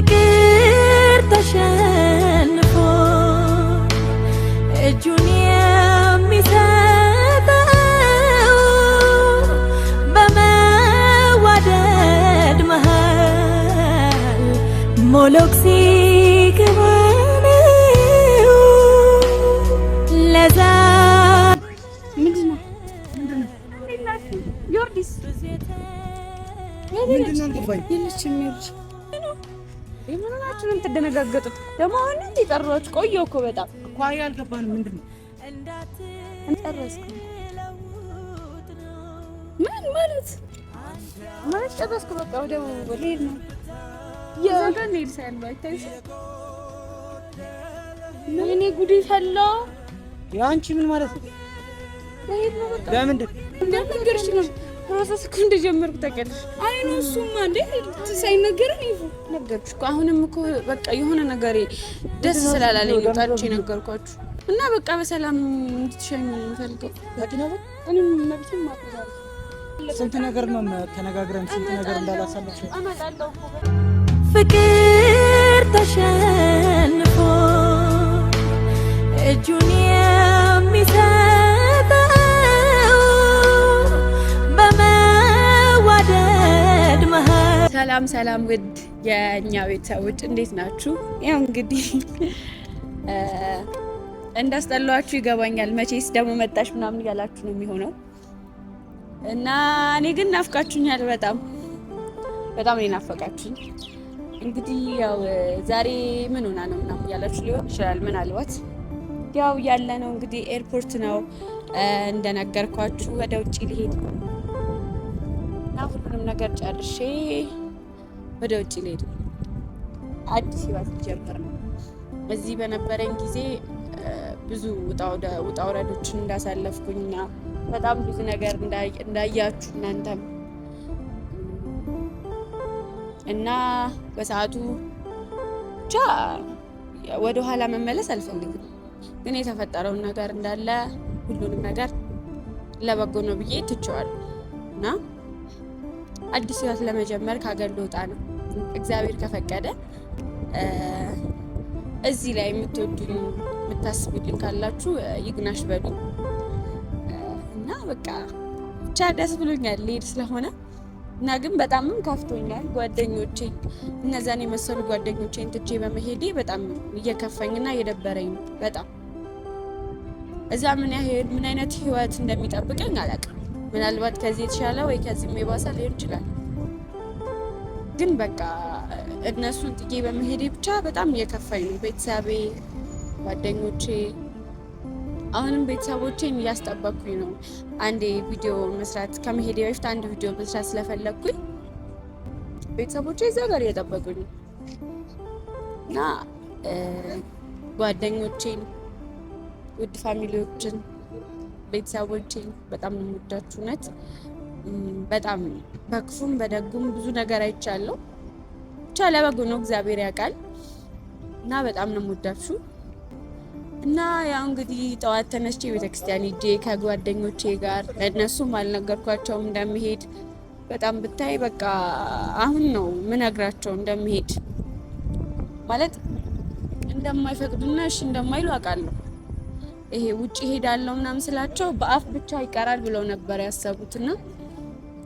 ፍቅር ተሸንፎ እጁን የሚሰጠው በመዋደድ መሃል ሞሎክ ሲገባነው ለዛ ምንድን ነው ምናችንም ትደነጋገጡት ደግሞ አሁን እንዴ ጠራች። ቆየሁ እኮ በጣም እኮ አይ አልገባንም። ምንድን ነው እንጨረስኩ ምን ማለት ማለት ጨረስኩ። በቃ ወደ ልሄድ ነው። የዛጋ ሌል ሳይል ባይታይ እኔ ጉድ ፈላ። የአንቺ ምን ማለት ነው? ልሄድ ነው በቃ ለምንድን ነው ነው ፕሮሰስ እኮ እንደጀመርኩ ታውቂያለሽ። አይ ነው እሱማ እንዴ ሳይነገረን ይፉ ነገርኩሽ እኮ አሁንም እኮ በቃ የሆነ ነገር ደስ ስላላለኝ ነው ታች የነገርኳችሁ እና በቃ በሰላም እንድትሸኙ እንፈልገው እኔም መብትም ማቅዛል ስንት ነገር ነው ተነጋግረን ስንት ነገር እንዳላሳለች ፍቅር ተሸንፎ እጁ ሰላም ሰላም፣ ውድ የእኛ ቤተሰቦች እንዴት ናችሁ? ያው እንግዲህ እንዳስጠላችሁ ይገባኛል። መቼስ ደግሞ መጣሽ ምናምን እያላችሁ ነው የሚሆነው እና እኔ ግን ናፍቃችሁኛል። በጣም በጣም ናፈቃችሁኝ። እንግዲህ ያው ዛሬ ምን ሆና ነው ምናምን እያላችሁ ሊሆን ይችላል። ምናልባት ያው ያለ ነው እንግዲህ ኤርፖርት ነው እንደነገርኳችሁ ወደ ውጭ ሊሄድ ነው እና ሁሉንም ነገር ጨርሼ ወደ ውጭ ልሄድ አዲስ ህይወት ጀምር ነው። እዚህ በነበረኝ ጊዜ ብዙ ውጣ ውረዶችን እንዳሳለፍኩኝ በጣም ብዙ ነገር እንዳያችሁ እናንተም እና በሰዓቱ ብቻ ወደ ኋላ መመለስ አልፈልግም፣ ግን የተፈጠረውን ነገር እንዳለ ሁሉንም ነገር ለበጎ ነው ብዬ ትቼዋለሁ እና አዲስ ህይወት ለመጀመር ከአገር ልወጣ ነው። እግዚአብሔር ከፈቀደ እዚህ ላይ የምትወዱኝ የምታስቡልኝ ካላችሁ ይግናሽ በሉ እና በቃ ብቻ ደስ ብሎኛል ልሄድ ስለሆነ እና ግን በጣምም ከፍቶኛል። ጓደኞቼ እነዛን የመሰሉ ጓደኞቼን ትቼ በመሄዴ በጣም እየከፈኝና እየደበረኝ ነው። በጣም እዛ ምን ያህል ምን አይነት ህይወት እንደሚጠብቀኝ አላውቅም። ምናልባት ከዚህ የተሻለ ወይ ከዚህም የባሰ ሊሆን ይችላል። ግን በቃ እነሱን ጥዬ በመሄዴ ብቻ በጣም እየከፋኝ ነው። ቤተሰቤ፣ ጓደኞቼ አሁንም ቤተሰቦቼን እያስጠበኩኝ ነው። አንዴ ቪዲዮ መስራት ከመሄዴ በፊት አንድ ቪዲዮ መስራት ስለፈለግኩኝ ቤተሰቦቼ እዛ ጋር እየጠበቁኝ እና ጓደኞቼን፣ ውድ ፋሚሊዎችን፣ ቤተሰቦቼን በጣም ነው የምወዳችሁ እውነት በጣም በክፉም በደጉም ብዙ ነገር አይቻለሁ። ብቻ ለበጎ ነው፣ እግዚአብሔር ያውቃል። እና በጣም ነው የምወዳችሁ። እና ያው እንግዲህ ጠዋት ተነስቼ ቤተክርስቲያን ሄጄ ከጓደኞቼ ጋር ለእነሱም አልነገርኳቸውም እንደምሄድ በጣም ብታይ በቃ አሁን ነው ምነግራቸው እንደምሄድ ማለት እንደማይፈቅዱና እሺ እንደማይሉ አውቃለሁ። ይሄ ውጭ ሄዳለሁ ምናምን ስላቸው በአፍ ብቻ ይቀራል ብለው ነበር ያሰቡትና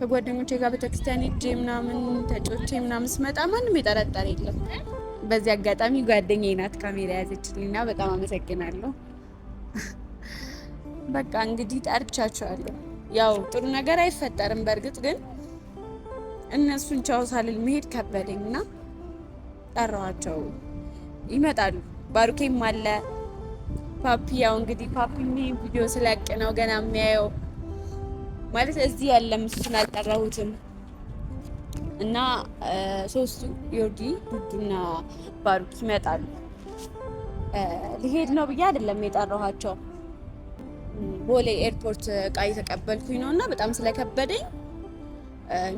ከጓደኞቼ ጋር ቤተክርስቲያን ሄጄ ምናምን ተጮቼ ምናምን ስመጣ ማንም የጠረጠር የለም። በዚህ አጋጣሚ ጓደኛዬ ናት ካሜራ የያዘችልኝና በጣም አመሰግናለሁ። በቃ እንግዲህ ጠርቻቸዋለሁ። ያው ጥሩ ነገር አይፈጠርም። በእርግጥ ግን እነሱን ቻው ሳልል መሄድ ከበደኝ እና ጠራኋቸው። ይመጣሉ። ባሩኬም አለ ፓፒ። ያው እንግዲህ ፓፒ ቪዲዮ ስለቅ ነው ገና የሚያየው ማለት እዚህ ያለም እሱን አልጠራሁትም እና ሶስቱ ዮርዲ ቡዱና ባሩክ ይመጣሉ። ሊሄድ ነው ብዬ አይደለም የጠራኋቸው። ቦሌ ኤርፖርት እቃ የተቀበልኩኝ ነው እና በጣም ስለከበደኝ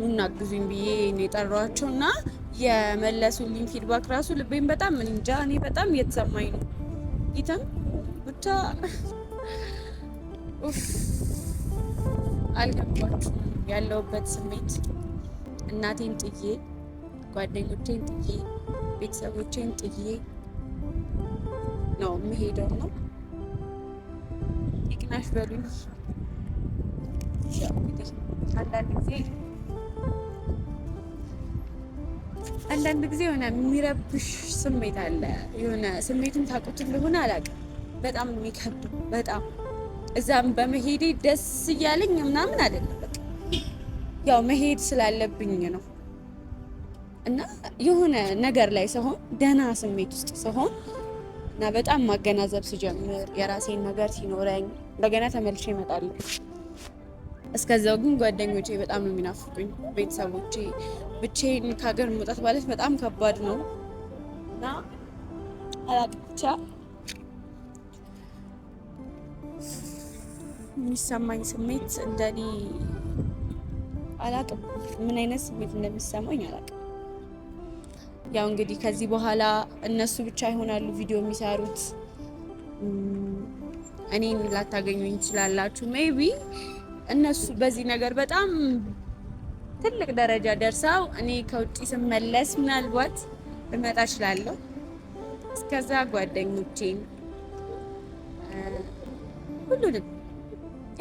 ኑና ግዙኝ ብዬ ነው የጠራኋቸው እና የመለሱልኝ ፊድባክ ራሱ ልቤን በጣም እንጃ እኔ በጣም እየተሰማኝ ነው። ጌታም ብቻ አልገባችም ያለውበት ስሜት። እናቴን ጥዬ፣ ጓደኞቼን ጥዬ፣ ቤተሰቦቼን ጥዬ ነው የምሄደው ነው ይቅናሽ በሉኝ። አንዳንድ ጊዜ አንዳንድ ጊዜ የሆነ የሚረብሽ ስሜት አለ። የሆነ ስሜቱን ታውቁት እንደሆነ አላውቅም። በጣም የሚከብድ በጣም እዛም በመሄዴ ደስ እያለኝ ምናምን አይደለም፣ በቃ ያው መሄድ ስላለብኝ ነው እና የሆነ ነገር ላይ ስሆን ደህና ስሜት ውስጥ ስሆን እና በጣም ማገናዘብ ስጀምር የራሴን ነገር ሲኖረኝ እንደገና ተመልሼ እመጣለሁ። እስከዛው ግን ጓደኞቼ በጣም ነው የሚናፍቁኝ፣ ቤተሰቦቼ። ብቻዬን ከሀገር መውጣት ማለት በጣም ከባድ ነው እና አላቅቻ የሚሰማኝ ስሜት እንደኔ አላቅም። ምን አይነት ስሜት እንደሚሰማኝ አላቅም። ያው እንግዲህ ከዚህ በኋላ እነሱ ብቻ ይሆናሉ ቪዲዮ የሚሰሩት። እኔን ላታገኙኝ ይችላላችሁ። ሜቢ እነሱ በዚህ ነገር በጣም ትልቅ ደረጃ ደርሰው እኔ ከውጭ ስመለስ ምናልባት ልመጣ እችላለሁ። እስከዛ ጓደኞቼን ሁሉንም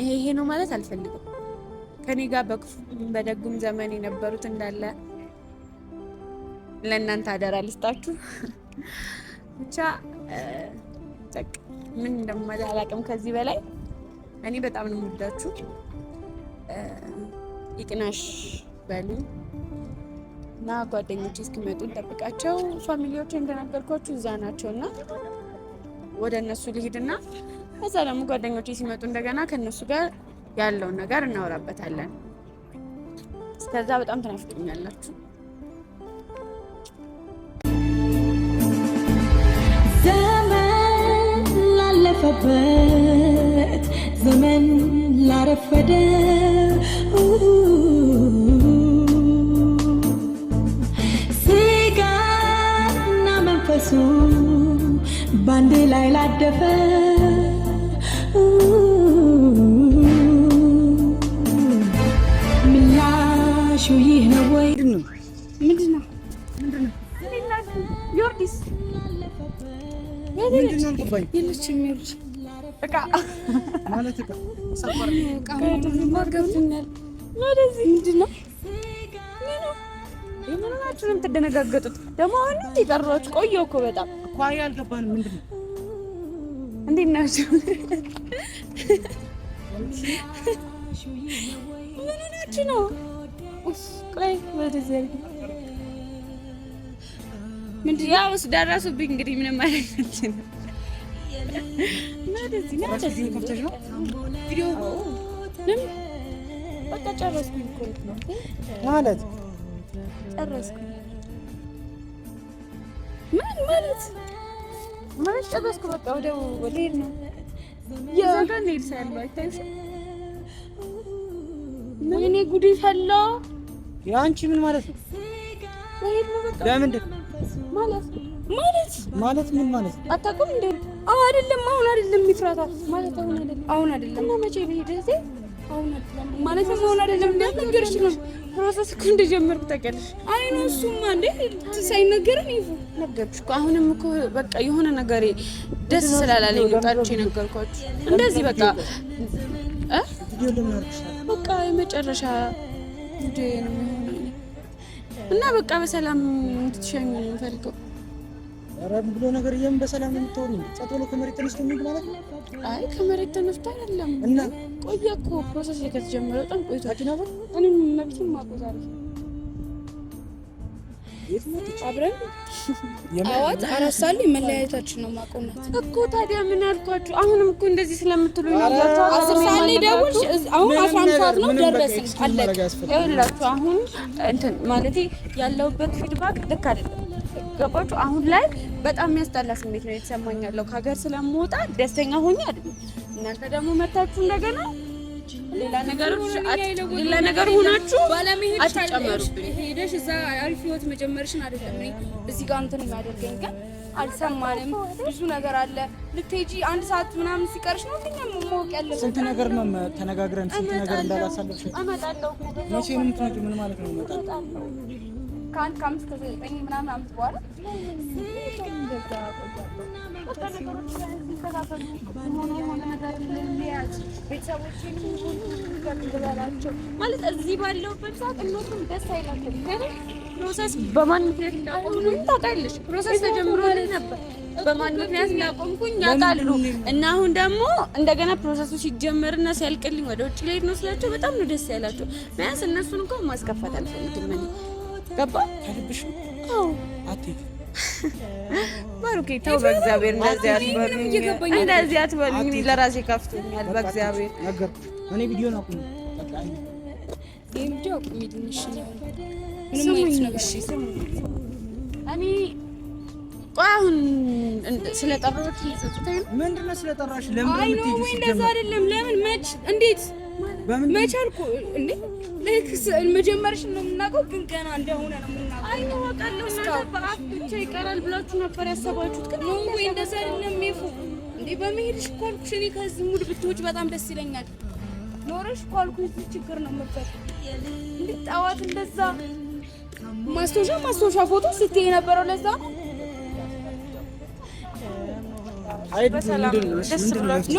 ይሄ ይሄ ነው ማለት አልፈልግም። ከኔ ጋር በክፉም በደጉም ዘመን የነበሩት እንዳለ ለእናንተ አደራ ልስጣችሁ። ብቻ ምን እንደማለ አላውቅም። ከዚህ በላይ እኔ በጣም ነው የምወዳችሁ። ይቅናሽ በሉ እና ጓደኞች እስኪመጡ እንጠብቃቸው። ፋሚሊዎች እንደነገርኳችሁ እዛ ናቸው እና ወደ እነሱ ልሂድና ከዛ ደግሞ ጓደኞቼ ሲመጡ እንደገና ከእነሱ ጋር ያለውን ነገር እናወራበታለን። እስከዛ በጣም ትናፍቁኛላችሁ። ዘመን ላለፈበት ዘመን ላረፈደ ስጋና መንፈሱ ባንዴ ላይ ላደፈ ያሰብሽው ይህ ነው ወይ? ምንድን ነው? ዮርዲስ የለችም። ምንድን ነው የምንናችሁ ነው የምትደነጋገጡት? ደግሞ አሁን የጠራችሁ ቆየሁ እኮ በጣም እኮ። አልገባንም። ምንድን ነው? እንዴት ናችሁ? ምንናችሁ ነው ምንድነውስ? ደረሱብኝ። እንግዲህ ምንም ማለት በቃ ጨረስኩኝ ማለት ጨረስኩኝ ምን ማለት ማለት ጨረስኩ። በቃ ወደ ወደ ሄድ ነው የዛጋ ሄድ ሳያለው አይታይም። እኔ ጉድ ፈላው የአንቺ ምን ማለት ነው? ለምንድን ማለት ማለት ማለት ምን ማለት ነው? አታውቅም እንዴ? አዎ፣ አይደለም አሁን አይደለም ይፍራታ ማለት አሁን አይደለም አሁን አይደለም እና መቼ ብሄድ እዚህ አሁን አይደለም ማለት አሁን አይደለም እንዴ? ነገርሽ ነው ፕሮሰስ እኮ እንደጀመርኩ ታውቂያለሽ። አይ ነው እሱማ እንዴ ሳይነገረን ይፉ ነገርኩሽ እኮ አሁንም እኮ በቃ የሆነ ነገር ደስ ስላላለኝ ነው ጣልቼ እንደዚህ በቃ እ በቃ የመጨረሻ እና በቃ በሰላም እንድትሸኝ ነው የምፈልገው። ረብ ብሎ ነገር የም በሰላም ነው የምትሆኑ። ጸጥሎ ከመሬት ተነስቶ የሚል ማለት ነው። አይ ከመሬት ተነስቶ አይደለም እና ቆየ እኮ ፕሮሰስ ላይ ከተጀመረ በጣም ቆይቶ አኪናበር እኔም መብትም ማቆዛለሁ አብረን አዋት አራት ሰዓት ላይ መለያየታችን ነው ማቆናት እኮ። ታዲያ ምን ያልኳችሁ? አሁንም እኮ እንደዚህ ስለምትሉ ነው። አስር ሰዓት ላይ ደውል። አሁን አስራ አንድ ሰዓት ነው፣ ደረስን አለቀ። ይኸውላችሁ አሁን እንትን ማለቴ ያለውበት ፊድባክ ልክ አይደለም። ገባችሁ? አሁን ላይ በጣም የሚያስጠላ ስሜት ነው የተሰማኝ ያለው። ከሀገር ስለምወጣ ደስተኛ ሆኜ አይደለም። እናንተ ደግሞ መታችሁ እንደገና ለነገሩ ሆናችሁ አትጨመሩብኝ። አሪፍ ህይወት መጀመርሽን አይደለም እዚህ ጋር እንትን የሚያደርገኝ ግን አልሰማንም። ብዙ ነገር አለ። ልትሄጂ አንድ ሰዓት ምናምን ሲቀርሽ ነው ትኛ ማወቅ ያለ ስንት ነገር ነው ተነጋግረን ስንት ነገር እንዳላሳለፍሽ። እመጣለሁ መቼ ነው የምትመጪው? ምን ማለት ነው እመጣለሁ ከአንድ ከአምስት ከዘጠኝ ምናምን አመት በኋላ እዚህ ባለሁበት ሰዓት እነሱም ደስ አይላቸውም። ፕሮሰስ በማን ምክንያት ታውቃለች ፕሮሰስ ተጀምሮ ነበር በማን ምክንያት እንዳቆምኩኝ ያውቃሉ። እና አሁን ደግሞ እንደገና ፕሮሰሱ ሲጀመርና ሲያልቅልኝ ወደ ውጭ ልሄድ ነው ስላቸው በጣም ነው ደስ ያላቸው። ቢያንስ እነሱን እንኳን ማስከፋት አልፈልግም እኔ ገባ ከልብሽ ነው አትይ ባሩኬ ተው፣ በእግዚአብሔር እንደዚህ አትበሉኝ፣ እንደዚህ አትበሉኝ። ለራሴ ከፍቶኛል። በእግዚአብሔር እኔ ቪዲዮ ነው አሁን ስለጠራሽ? ለምን አይደለም ለምን መች እንዴት መቻልኩ እንዴ ለክስ መጀመርሽ ነው የምናውቀው፣ ግን ገና እንደሆነ ነው የምናውቀው። አይ እወቃለሁ፣ በአፍ ብቻ ይቀራል ብላችሁ ነበር ያሰባችሁት። ግን ነው ወይ እንደዛ አይደለም። ይፉ እንዴ በመሄድሽ እኮ አልኩሽ እኔ ከዚህ ሙድ ብትወጪ በጣም ደስ ይለኛል። ኖረሽ እኮ አልኩሽ እዚህ ችግር ነው መፈጠር እንዴ ጣዋት እንደዛ ማስታወሻ ማስታወሻ ፎቶ ስትይ የነበረው ለዛ ነው።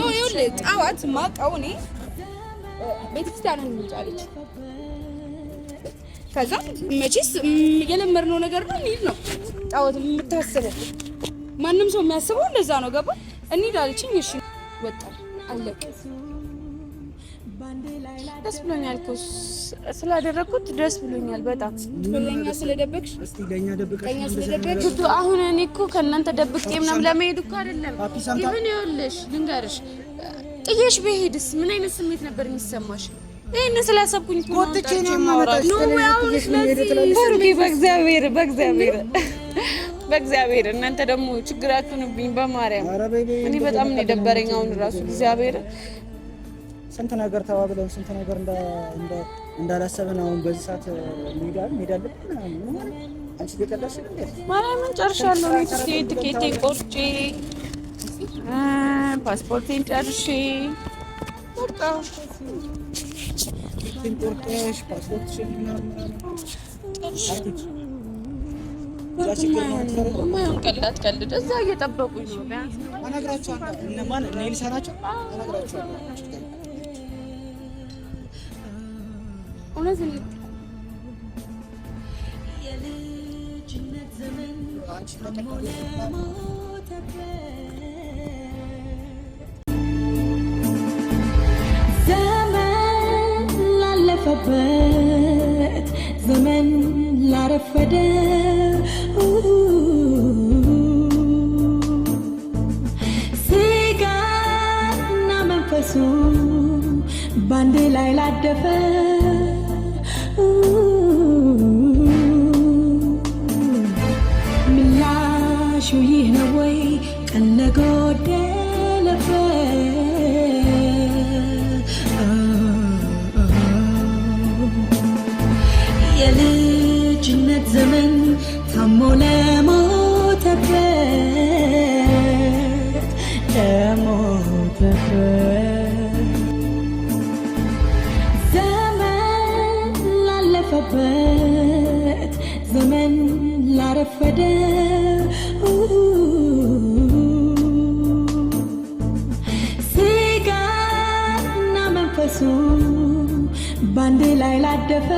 ይኸውልህ፣ ጣዋት ማውቀው እኔ ቤተክርስቲያን እንውጣ አለች። ከዛ መቼስ የለመድነው ነገር ነው እንሂድ ነው ጣወት የምታስበው ማንም ሰው የሚያስበው እንደዛ ነው። ገባ እንሂድ አለችኝ። እሺ ወጣ አለቀ። ደስ ብሎኛል እኮ ስላደረኩት ደስ ብሎኛል በጣም ለኛ ስለደበቅሽ አሁን እኔ እኮ ከእናንተ ደብቄ ምናምን ለመሄድ እኮ አይደለም። ይሁን ይኸውልሽ ልንገርሽ ጥየሽ በሄድስ ምን አይነት ስሜት ነበር የሚሰማሽ? ይሄን ስላሰብኩኝ ቆጥቼ ነው የማመጣሽ። በእግዚአብሔር በእግዚአብሔር በእግዚአብሔር እናንተ ደግሞ ችግራችሁን ብኝ በማርያም እኔ በጣም ነው የደበረኝ። አሁን ራሱ እግዚአብሔር ስንት ነገር ተባብለን ስንት ነገር እንዳላሰብን አሁን በዚህ ሰዓት እንሄዳለን እንሄዳለን ምናምን ጨርሻለሁ። ትኬቴን ቆርጬ ፓስፖርቴን ጨርሼ ወጣሁ። ማየውን ቀላት ቀልድ እዛ እየጠበቁኝ ነው። ቢያንስ ያለበት ዘመን ላረፈደ ስጋና መንፈሱ ባንድ ላይ ላደፈ ምላሹ ይህ ነው ወይ ቀለጎ ዘመን ላለፈበት ዘመን ላረፈደ ስጋና መንፈሱ ባንዴ ላይ ላደፈ